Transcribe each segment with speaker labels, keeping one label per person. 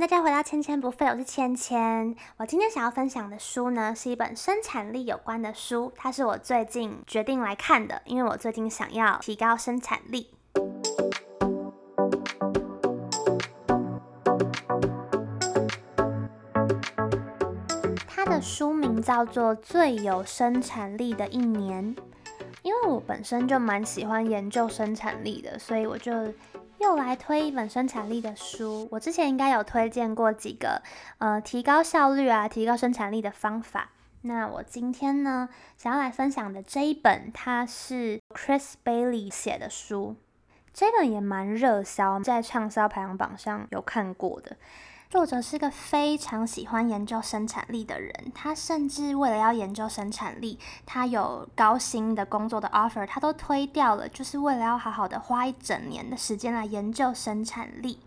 Speaker 1: 大家回到千千不廢，我是千千。我今天想要分享的書呢，是一本生產力有關的書，它是我最近決定來看的，因為我最近想要提高生產力。它的書名叫做《最有生產力的一年》。因為我本身就蠻喜歡研究生產力的，所以我就。又來推一本生產力的書，我之前應該有推薦過幾個，呃，提高效率啊，提高生產力的方法。那我今天呢，想要來分享的這一本，它是 Chris Bailey 寫的書，這本也蠻熱銷，在暢銷排行榜上有看過的。作者是個非常喜歡研究生產力的人，他甚至為了要研究生產力，他有高薪的工作的 offer，他都推掉了，就是為了要好好的花一整年的時間來研究生產力。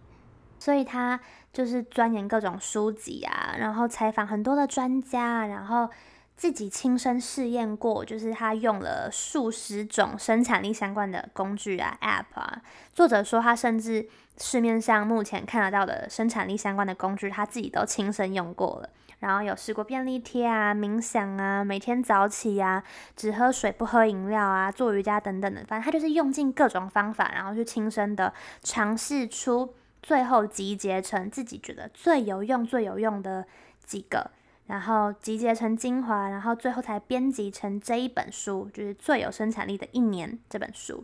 Speaker 1: 所以他就是鑽研各種書籍啊，然後採訪很多的專家啊，然後自己親身試驗過，就是他用了數十種生產力相關的工具啊、app 啊。作者說他甚至。市面上目前看得到的生產力相關的工具，他自己都親身用過了，然後有試過便利貼啊、冥想啊、每天早起啊、只喝水不喝飲料啊、做瑜伽等等的，反正他就是用盡各種方法，然後去親身的嘗試出，最後集結成自己覺得最有用、最有用的幾個，然後集結成精華，然後最後才編輯成這一本書，就是《最有生產力的一年》這本書。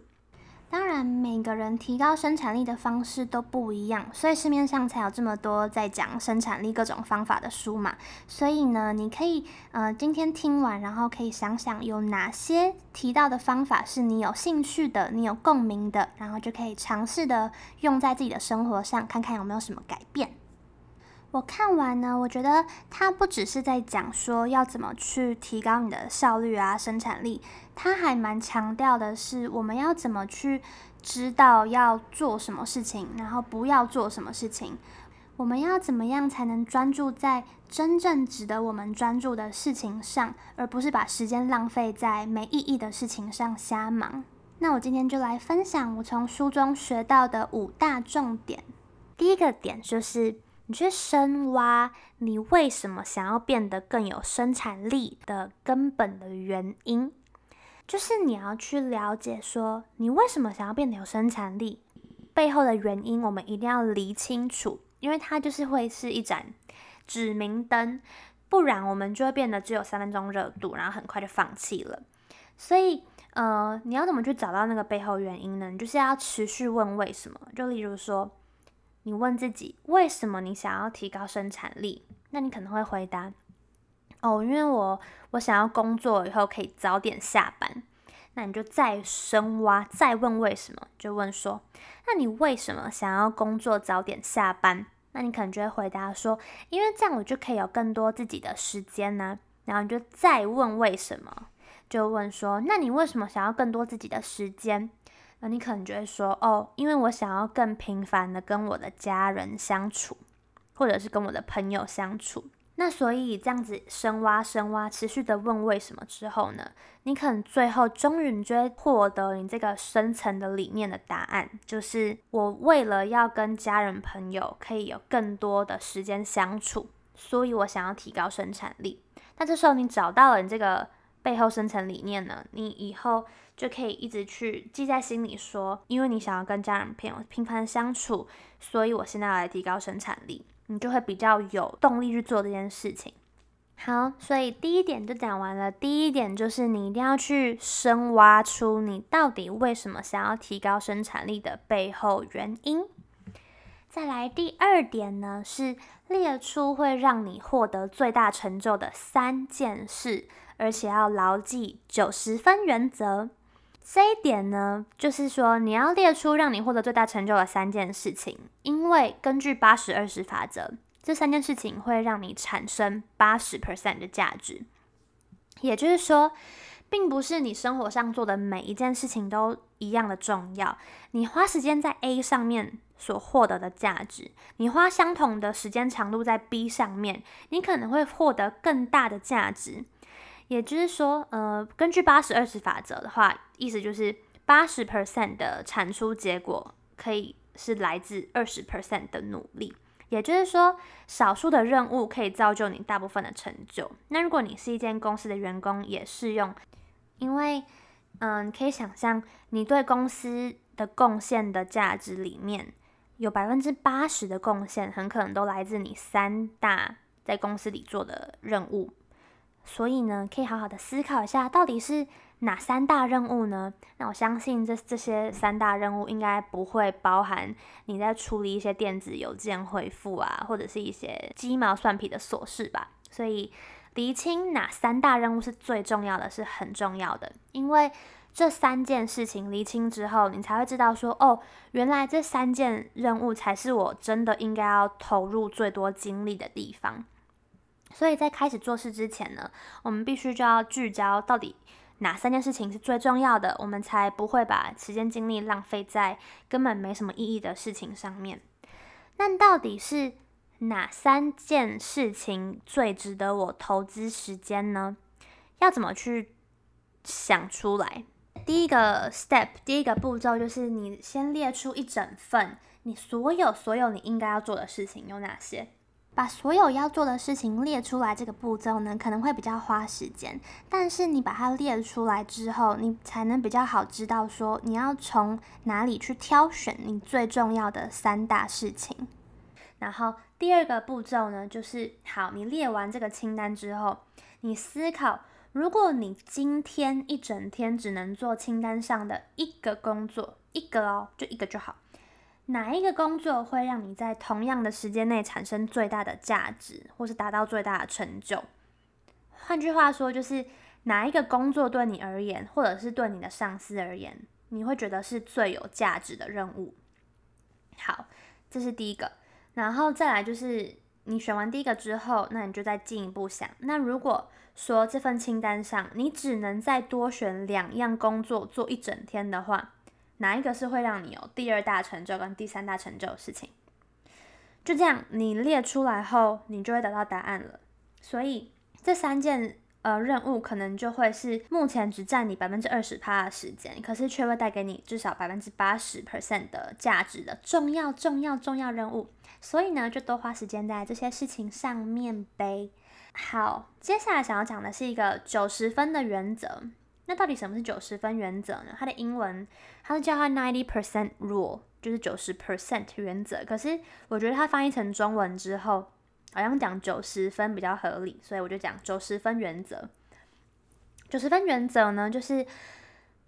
Speaker 1: 當然，每個人提高生產力的方式都不一樣，所以市面上才有這麼多在講生產力各種方法的書嘛。所以呢，你可以呃，今天聽完，然後可以想想有哪些提到的方法是你有興趣的、你有共鳴的，然後就可以嘗試的用在自己的生活上，看看有沒有什麼改變。我看完呢，我覺得它不只是在講說要怎麼去提高你的效率啊、生產力。他還蠻強調的是，我們要怎麼去知道要做什麼事情，然後不要做什麼事情，我們要怎麼樣才能專注在真正值得我們專注的事情上，而不是把時間浪費在沒意義的事情上瞎忙？那我今天就來分享我從書中學到的五大重點。第一個點就是，你去深挖你為什麼想要變得更有生產力的根本的原因。就是你要去了解，說你為什麼想要變得有生產力，背後的原因，我們一定要釐清楚，因為它就是會是一盞指明燈，不然我們就會變得只有三分鐘熱度，然後很快就放棄了。所以，呃，你要怎麼去找到那個背後原因呢？你就是要持續問為什麼，就例如說，你問自己為什麼你想要提高生產力，那你可能會回答。哦，因為我我想要工作以後可以早點下班，那你就再深挖，再問為什麼，就問說，那你為什麼想要工作早點下班？那你可能就會回答說，因為這樣我就可以有更多自己的時間呢。然後你就再問為什麼，就問說，那你為什麼想要更多自己的時間？那你可能就會說，哦，因為我想要更頻繁的跟我的家人相處，或者是跟我的朋友相處。那所以這樣子深挖、深挖、持續地問為什麼之後呢，你可能最後終於你就會獲得你這個深層的理念的答案，就是我為了要跟家人朋友可以有更多的時間相處，所以我想要提高生產力。那這時候你找到了你這個背後深層理念呢，你以後就可以一直去記在心裡說，因為你想要跟家人朋友頻繁相處，所以我現在要來提高生產力。你就會比較有動力去做這件事情。好，所以第一點就講完了。第一點就是你一定要去深挖出你到底為什麼想要提高生產力的背後原因。再來第二點呢，是列出會讓你獲得最大成就的三件事，而且要牢記九十分原則。這一點呢，就是說你要列出讓你獲得最大成就的三件事情，因為根據八十二十法則，這三件事情會讓你產生八十 percent 的價值。也就是說，並不是你生活上做的每一件事情都一樣的重要。你花時間在 A 上面所獲得的價值，你花相同的時間長度在 B 上面，你可能會獲得更大的價值。也就是說，呃，根據八十二十法則的話，意思就是八十 percent 的產出結果可以是來自二十 percent 的努力。也就是說，少數的任務可以造就你大部分的成就。那如果你是一間公司的員工，也適用，因為，嗯、呃，可以想象你對公司的貢獻的價值裡面，有百分之八十的貢獻，很可能都來自你三大在公司裡做的任務。所以呢，可以好好的思考一下，到底是哪三大任務呢？那我相信這這些三大任務應該不會包含你在處理一些電子郵件回復啊，或者是一些雞毛蒜皮的瑣事吧。所以釐清哪三大任務是最重要的是很重要的，因為這三件事情釐清之後，你才會知道說，哦，原來這三件任務才是我真的應該要投入最多精力的地方。所以在開始做事之前呢，我們必須就要聚焦到底哪三件事情是最重要的，我們才不會把時間精力浪費在根本沒什麼意義的事情上面。那到底是哪三件事情最值得我投資時間呢？要怎麼去想出來？第一個 step，第一個步驟就是你先列出一整份，你所有所有你應該要做的事情有哪些。把所有要做的事情列出來，這個步驟呢可能會比較花時間，但是你把它列出來之後，你才能比較好知道說你要從哪裡去挑選你最重要的三大事情。然後第二個步驟呢，就是好，你列完這個清單之後，你思考，如果你今天一整天只能做清單上的一個工作，一個哦，就一個就好。哪一個工作會讓你在同樣的時間內產生最大的價值，或是達到最大的成就？換句話說，就是哪一個工作對你而言，或者是對你的上司而言，你會覺得是最有價值的任務？好，這是第一個。然後再來就是，你選完第一個之後，那你就再進一步想。那如果說這份清單上你只能再多選兩樣工作做一整天的話。哪一個是會讓你有第二大成就跟第三大成就的事情？就這樣，你列出來後，你就會得到答案了。所以這三件呃任務可能就會是目前只占你百分之二十趴的時間，可是卻會帶給你至少百分之八十 percent 的價值的重要、重要、重要任務。所以呢，就多花時間在這些事情上面唄。好，接下來想要講的是一個九十分的原則。那到底什麼是九十分原則呢？它的英文它是叫它 ninety percent rule，就是九十 percent 原則。可是我覺得它翻譯成中文之後，好像講九十分比較合理，所以我就講九十分原則。九十分原則呢，就是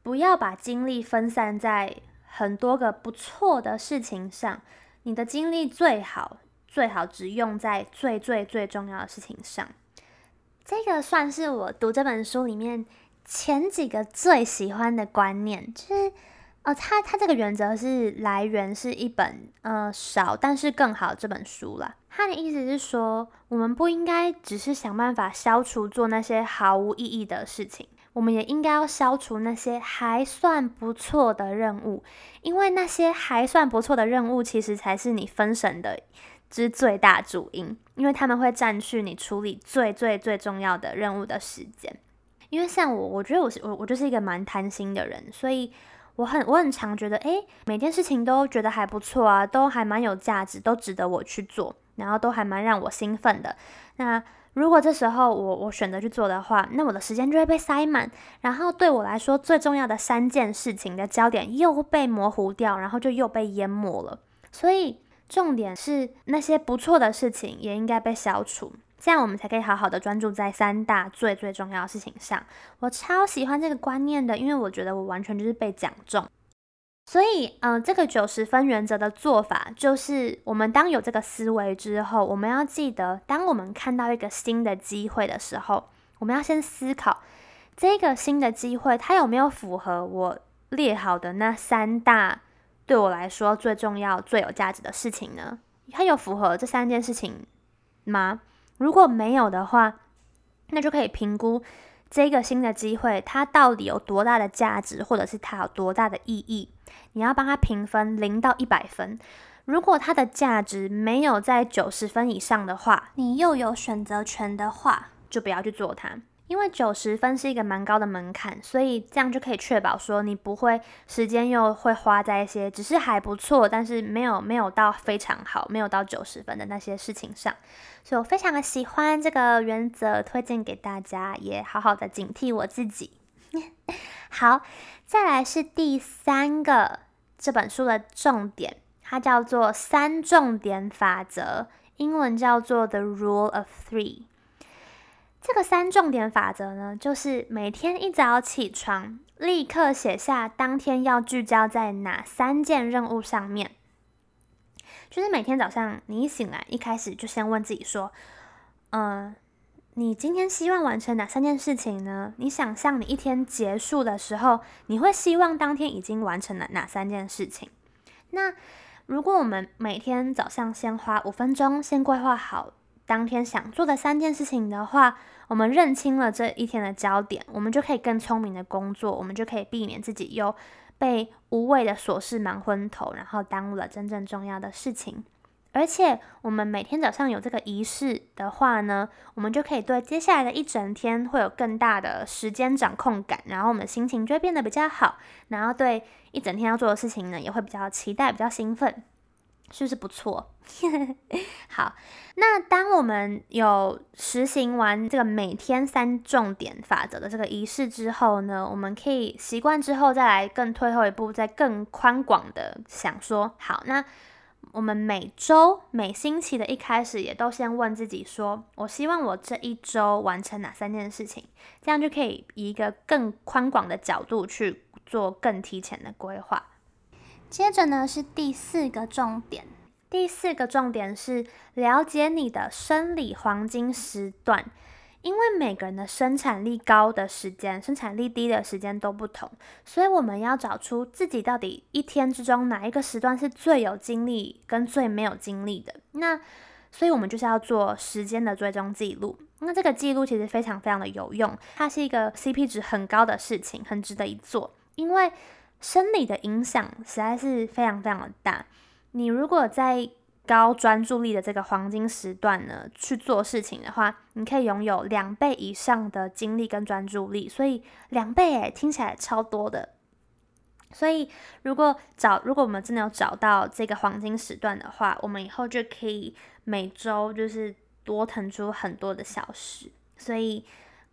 Speaker 1: 不要把精力分散在很多個不錯的事情上，你的精力最好最好只用在最最最重要的事情上。這個算是我讀這本書裡面，前幾個最喜歡的觀念就是，哦，他他這個原則是來源是一本呃《少但是更好》這本書啦。他的意思是說，我們不應該只是想辦法消除做那些毫無意義的事情，我們也應該要消除那些還算不錯的任務，因為那些還算不錯的任務其實才是你分神的之最大主因，因為他們會佔據你處理最最最最重要的任務的時間。因為像我，我覺得我我我就是一個蠻貪心的人，所以我很我很常覺得，誒，每件事情都覺得還不錯啊，都還蠻有價值，都值得我去做，然後都還蠻讓我興奮的。那如果這時候我我選擇去做的話，那我的時間就會被塞滿，然後對我來說最重要的三件事情的焦點又被模糊掉，然後就又被淹沒了。所以重點是那些不錯的事情也應該被消除。這樣我們才可以好好的專注在三大最最重要的事情上。我超喜歡這個觀念的，因為我覺得我完全就是被講中。所以，嗯、呃，這個九十分原則的做法，就是我們當有這個思維之後，我們要記得，當我們看到一個新的機會的時候，我們要先思考這個新的機會它有沒有符合我列好的那三大對我來說最重要、最有價值的事情呢？它有符合這三件事情嗎？如果沒有的話，那就可以評估這個新的機會，它到底有多大的價值，或者是它有多大的意義。你要幫它評分零到一百分。如果它的價值沒有在九十分以上的話，你又有選擇權的話，就不要去做它。因為九十分是一個蠻高的門檻，所以這樣就可以確保說你不會時間又會花在一些只是還不錯，但是沒有沒有到非常好，沒有到九十分的那些事情上。所以我非常的喜歡這個原則，推薦給大家，也好好的警惕我自己。 好，再來是第三個，這本書的重點，它叫做三重點法則，英文叫做 The Rule of Three。這個三重點法則呢，就是每天一早起床，立刻寫下當天要聚焦在哪三件任務上面。就是每天早上你一醒來，一開始就先問自己說：“嗯、呃，你今天希望完成哪三件事情呢？”你想象你一天結束的時候，你會希望當天已經完成了哪三件事情？那如果我們每天早上先花五分鐘，先規劃好當天想做的三件事情的話，我們認清了這一天的焦點，我們就可以更聰明地工作，我們就可以避免自己又被無謂的瑣事忙昏頭，然後耽誤了真正重要的事情。而且，我們每天早上有這個儀式的話呢，我們就可以對接下來的一整天會有更大的時間掌控感，然後我們的心情就會變得比較好，然後對一整天要做的事情呢，也會比較期待，比較興奮。是不是不錯？ 好，那當我們有實行完這個每天三重點法則的這個儀式之後呢，我們可以習慣之後再來更退後一步，再更寬廣的想說，好，那我們每周每星期的一開始也都先問自己說，說我希望我這一周完成哪三件事情，這樣就可以以一個更寬廣的角度去做更提前的規劃。接着呢是第四個重點，第四個重點是了解你的生理黃金時段，因為每個人的生產力高的時間、生產力低的時間都不同，所以我們要找出自己到底一天之中哪一個時段是最有精力跟最沒有精力的。那所以，我們就是要做時間的追蹤記錄。那這個記錄其實非常非常的有用，它是一個 CP 值很高的事情，很值得一做，因為，生理的影響實在是非常非常的大。你如果在高專注力的這個黃金時段呢去做事情的話，你可以擁有兩倍以上的精力跟專注力。所以兩倍誒，聽起來超多的。所以如果找，如果我們真的有找到這個黃金時段的話，我們以後就可以每週就是多騰出很多的小時。所以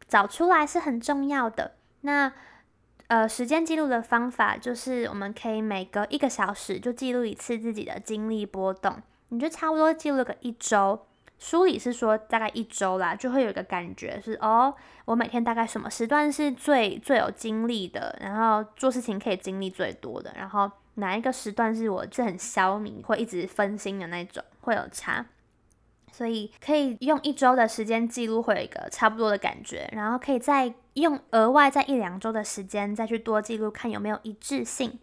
Speaker 1: 找出來是很重要的。那。呃，時間記錄的方法就是，我們可以每隔一個小時就記錄一次自己的精力波動。你就差不多記錄個一周，書裡是說大概一周啦，就會有一個感覺是，哦，我每天大概什麼時段是最最有精力的，然後做事情可以精力最多的，然後哪一個時段是我最很消弭、會一直分心的那一種，會有差。所以可以用一周的時間記錄，會有一個差不多的感覺，然後可以再。用額外在一兩周的時間再去多記錄，看有沒有一致性。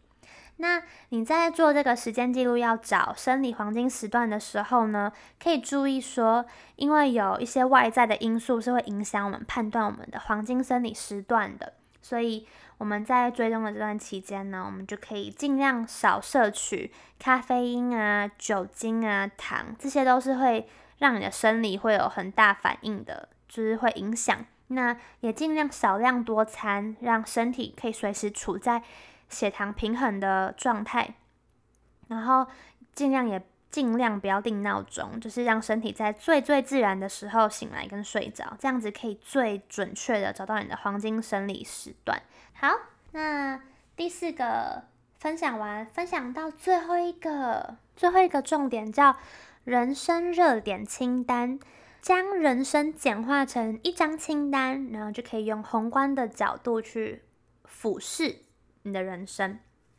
Speaker 1: 那你在做這個時間記錄，要找生理黃金時段的時候呢，可以注意說，因為有一些外在的因素是會影響我們判斷我們的黃金生理時段的，所以我們在追蹤的這段期間呢，我們就可以儘量少攝取咖啡因啊、酒精啊、糖，這些都是會讓你的生理會有很大反應的，就是會影響。那也盡量少量多餐，讓身體可以隨時處在血糖平衡的狀態。然後盡量也盡量不要定鬧鐘，就是讓身體在最最自然的時候醒來跟睡着，這樣子可以最準確的找到你的黃金生理時段。好，那第四個分享完，分享到最後一個，最後一個重點叫人生熱點清單。將人生簡化成一張清單，然後就可以用宏觀的角度去俯視你的人生。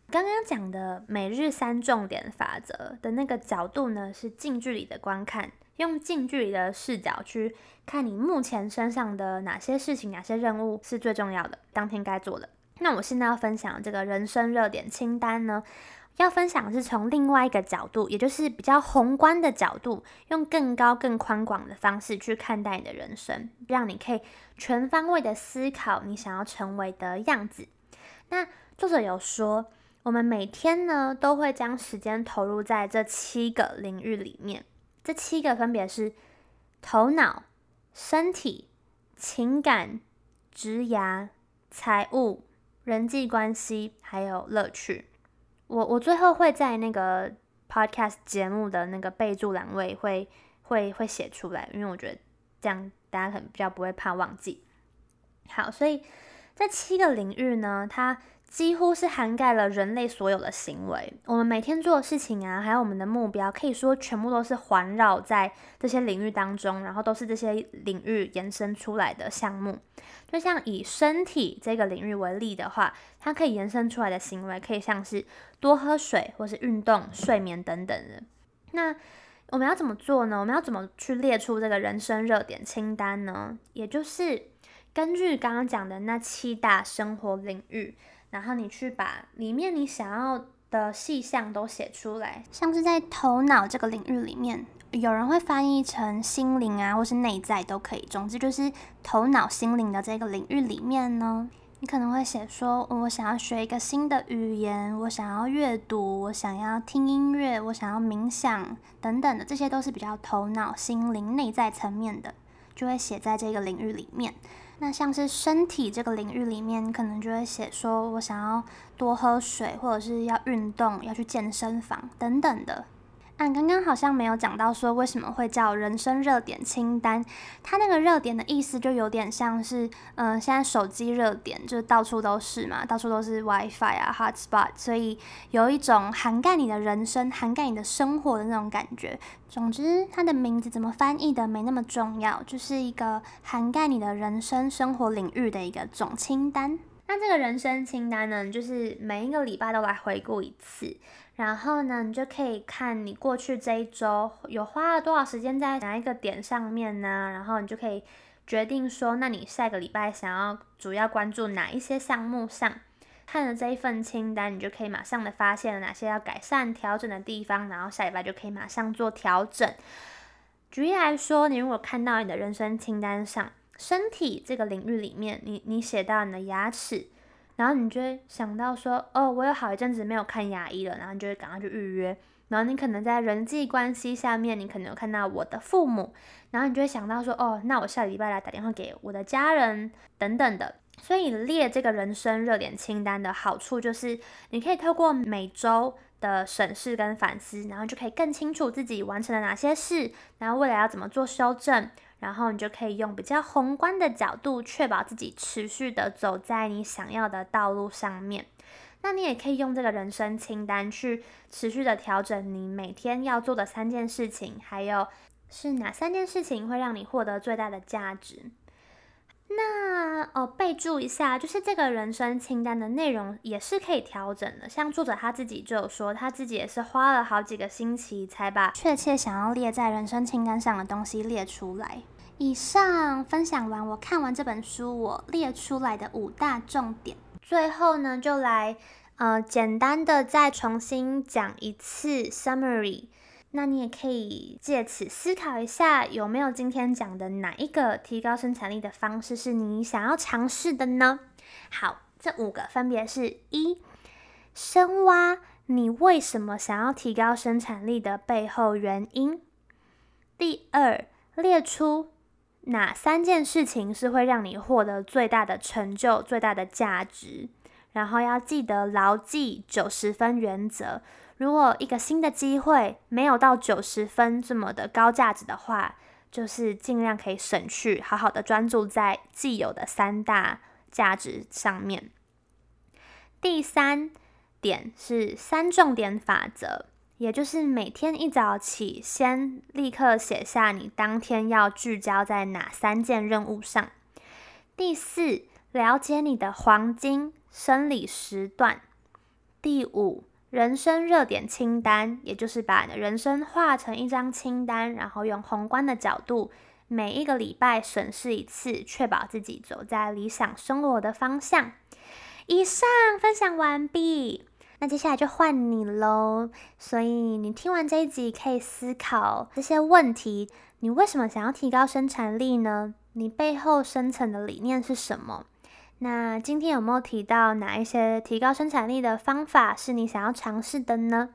Speaker 1: 剛剛講的每日三重點法則的那個角度呢，是近距離的觀看，用近距離的視角去看你目前身上的哪些事情、哪些任務是最重要的，當天該做的。那我現在要分享這個人生熱點清單呢。要分享的是從另外一個角度，也就是比較宏觀的角度，用更高、更寬廣的方式去看待你的人生，讓你可以全方位的思考你想要成為的樣子。那作者有說，我們每天呢都會將時間投入在這七個領域裡面，這七個分別是頭腦、身體、情感、職涯、財務、人際關係還有樂趣。我我最後會在那個 podcast 節目的那個備注欄位，會會會寫出來，因為我覺得這樣大家可能比較不會怕忘記。好，所以在七個領域呢，它，幾乎是涵蓋了人類所有的行為，我們每天做的事情啊，還有我們的目標，可以說全部都是環繞在這些領域當中，然後都是這些領域延伸出來的項目。就像以身體這個領域為例的話，它可以延伸出來的行為，可以像是多喝水，或是運動、睡眠等等的。那我們要怎麼做呢？我們要怎麼去列出這個人生熱點清單呢？也就是根據剛剛講的那七大生活領域。然後你去把裡面你想要的細項都寫出來，像是在頭腦這個領域裡面，有人會翻譯成心靈啊，或是內在都可以。總之就是頭腦、心靈的這個領域裡面呢，哦，你可能會寫說，我想要學一個新的語言，我想要閱讀，我想要聽音樂，我想要冥想等等的，這些都是比較頭腦、心靈、內在層面的，就會寫在這個領域裡面。那像是身體這個領域裡面，可能就會寫說，我想要多喝水，或者是要運動，要去健身房等等的。啊，剛剛好像沒有講到說為什麼會叫人生熱點清單，它那個熱點的意思就有點像是，嗯、呃，現在手機熱點就到處都是嘛，到處都是 WiFi 啊，Hot Spot，所以有一種涵蓋你的人生、涵蓋你的生活的那種感覺。總之，它的名字怎麼翻譯的沒那麼重要，就是一個涵蓋你的人生、生活領域的一個總清單。那這個人生清單呢，就是每一個禮拜都來回顧一次，然後呢，你就可以看你過去這一周有花了多少時間在哪一個點上面呢？然後你就可以決定說，那你下個禮拜想要主要關注哪一些項目上。看了這一份清單，你就可以馬上的發現了哪些要改善調整的地方，然後下禮拜就可以馬上做調整。舉例來說，你如果看到你的人生清單上，身體這個領域裡面，你你寫到你的牙齒，然後你就會想到說，哦，我有好一陣子沒有看牙醫了，然後你就會趕快去預約。然後你可能在人際關係下面，你可能有看到我的父母，然後你就會想到說，哦，那我下禮拜來打電話給我的家人等等的。所以你列這個人生熱點清單的好處就是，你可以透過每週的審視跟反思，然後就可以更清楚自己完成了哪些事，然後未來要怎麼做修正。然後你就可以用比較宏觀的角度，確保自己持續的走在你想要的道路上面。那你也可以用這個人生清單去持續的調整你每天要做的三件事情，還有是哪三件事情會讓你獲得最大的價值。那哦，備注一下，就是這個人生清單的內容也是可以調整的。像作者他自己就有說，他自己也是花了好幾個星期才把確切想要列在人生清單上的東西列出來。以上分享完，我看完這本書，我列出來的五大重點。最後呢，就來呃簡單的再重新講一次 summary。Sum 那你也可以借此思考一下，有沒有今天講的哪一個提高生產力的方式是你想要嘗試的呢？好，這五個分別是一，深挖你為什麼想要提高生產力的背後原因；第二，列出哪三件事情是會讓你獲得最大的成就、最大的價值；然後要記得牢記九十分原則。如果一個新的機會沒有到九十分這麼的高價值的話，就是儘量可以省去，好好的專注在既有的三大價值上面。第三點是三重點法則，也就是每天一早起，先立刻寫下你當天要聚焦在哪三件任務上。第四，了解你的黃金生理時段。第五，人生熱點清單，也就是把你的人生畫成一張清單，然後用宏觀的角度，每一個禮拜審視一次，確保自己走在理想生活的方向。以上分享完畢，那接下來就換你嘍。所以你聽完這一集，可以思考這些問題：你為什麼想要提高生產力呢？你背後深層的理念是什麼？那今天有沒有提到哪一些提高生產力的方法是你想要嘗試的呢？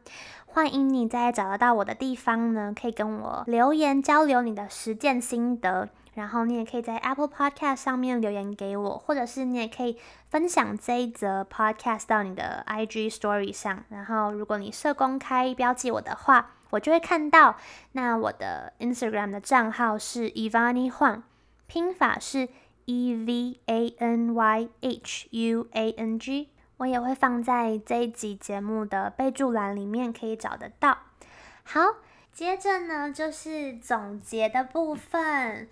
Speaker 1: 歡迎你在找得到我的地方呢，可以跟我留言交流你的實踐心得。然後你也可以在 Apple Podcast 上面留言給我，或者是你也可以分享這一則 Podcast 到你的 IG Story 上。然後如果你設公開標記我的話，我就會看到。那我的 Instagram 的賬號是 Evany Huang，拼法是。E V A N Y H U A N G，我也會放在這一集節目的備註欄裡面，可以找得到。好，接着呢就是總結的部分。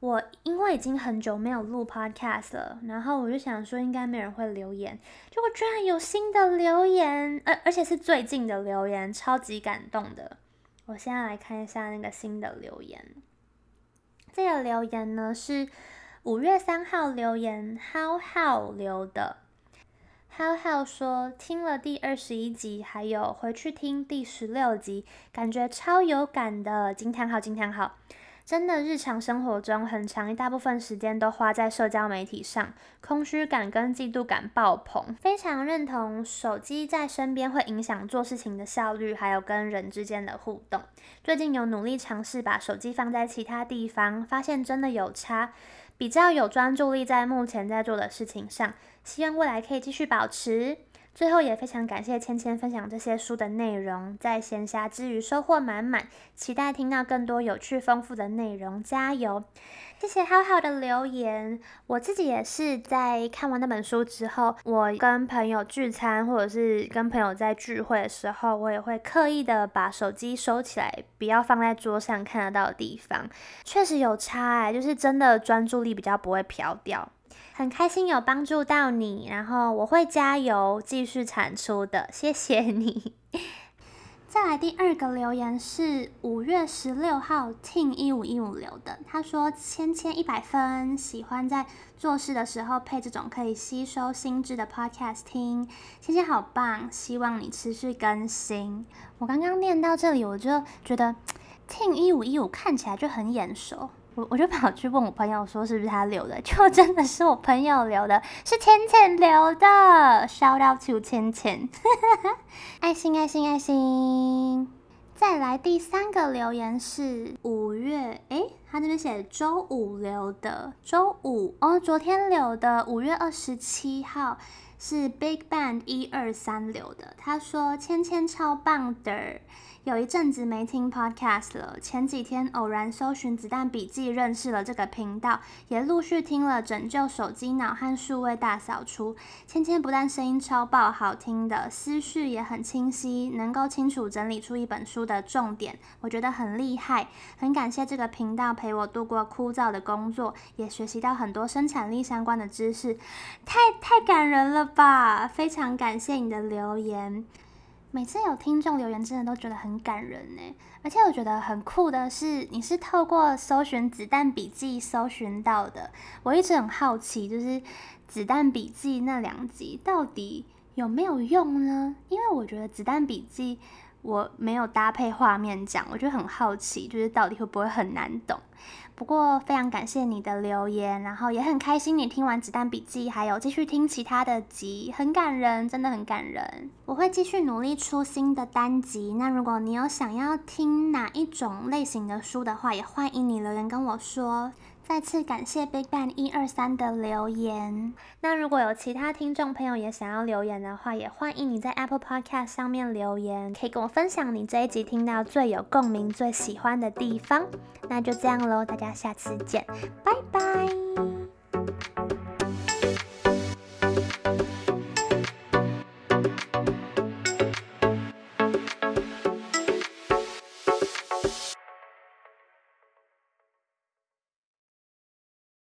Speaker 1: 我因為已經很久沒有錄 Podcast 了，然後我就想說應該沒有人會留言，結果居然有新的留言，而、呃、而且是最近的留言，超級感動的。我現在來看一下那個新的留言。這個留言呢是。五月三號留言，How How 留的，How How 說聽了第二十一集，還有回去聽第十六集，感覺超有感的，驚嘆號驚嘆號。真的，日常生活中很長一大部分時間都花在社交媒體上，空虛感跟嫉妒感爆棚。非常認同，手機在身邊會影響做事情的效率，還有跟人之間的互動。最近有努力嘗試把手機放在其他地方，發現真的有差。比較有專注力，在目前在做的事情上，希望未來可以繼續保持。最後也非常感謝芊芊分享這些書的內容，在閒暇之餘收穫滿滿，期待聽到更多有趣豐富的內容，加油！謝謝浩浩的留言，我自己也是在看完那本書之後，我跟朋友聚餐或者是跟朋友在聚會的時候，我也會刻意的把手機收起來，不要放在桌上看得到的地方，確實有差哎、欸，就是真的專注力比較不會飄掉。很開心有幫助到你，然後我會加油繼續產出的，謝謝你。 再來第二個留言是五月十六號 team 一五一五留的，他說芊芊一百分，喜歡在做事的時候配這種可以吸收心智的 podcast 聽，芊芊好棒，希望你持續更新。我剛剛念到這裡，我就覺得 team 一五一五看起來就很眼熟。我我就跑去問我朋友說，是不是他留的，就真的是我朋友留的，是芊芊留的，Shout out to 芊芊，哈哈哈， 愛心愛心愛心。再來第三個留言是五月，哎、欸，他這邊寫周五留的，周五哦，昨天留的，五月二十七號是 Big Bang 一二三留的，他說芊芊超棒的。有一陣子沒聽 podcast 了，前幾天偶然搜尋《子彈筆記》，認識了這個頻道，也陸續聽了《拯救手機腦》和《數位大掃除》。芊芊不但聲音超爆好聽的，思緒也很清晰，能夠清楚整理出一本書的重點，我覺得很厲害。很感謝這個頻道陪我度過枯燥的工作，也學習到很多生產力相關的知識，太太感人了吧！非常感謝你的留言。每次有聽眾留言，真的都覺得很感人呢。而且我覺得很酷的是，你是透過搜尋《子彈筆記》搜尋到的。我一直很好奇，就是《子彈筆記》那兩集到底有沒有用呢？因為我覺得《子彈筆記》我沒有搭配畫面講，我就很好奇，就是到底會不會很難懂。不過非常感謝你的留言，然後也很開心你聽完《子彈筆記》，還有繼續聽其他的集，很感人，真的很感人。我會繼續努力出新的單集。那如果你有想要聽哪一種類型的書的話，也歡迎你留言跟我說。再次感謝 BigBang 一二三的留言。那如果有其他聽眾朋友也想要留言的話，也歡迎你在 Apple Podcast 上面留言，可以跟我分享你這一集聽到最有共鳴、最喜歡的地方。那就這樣嘍，大家下次見，拜拜。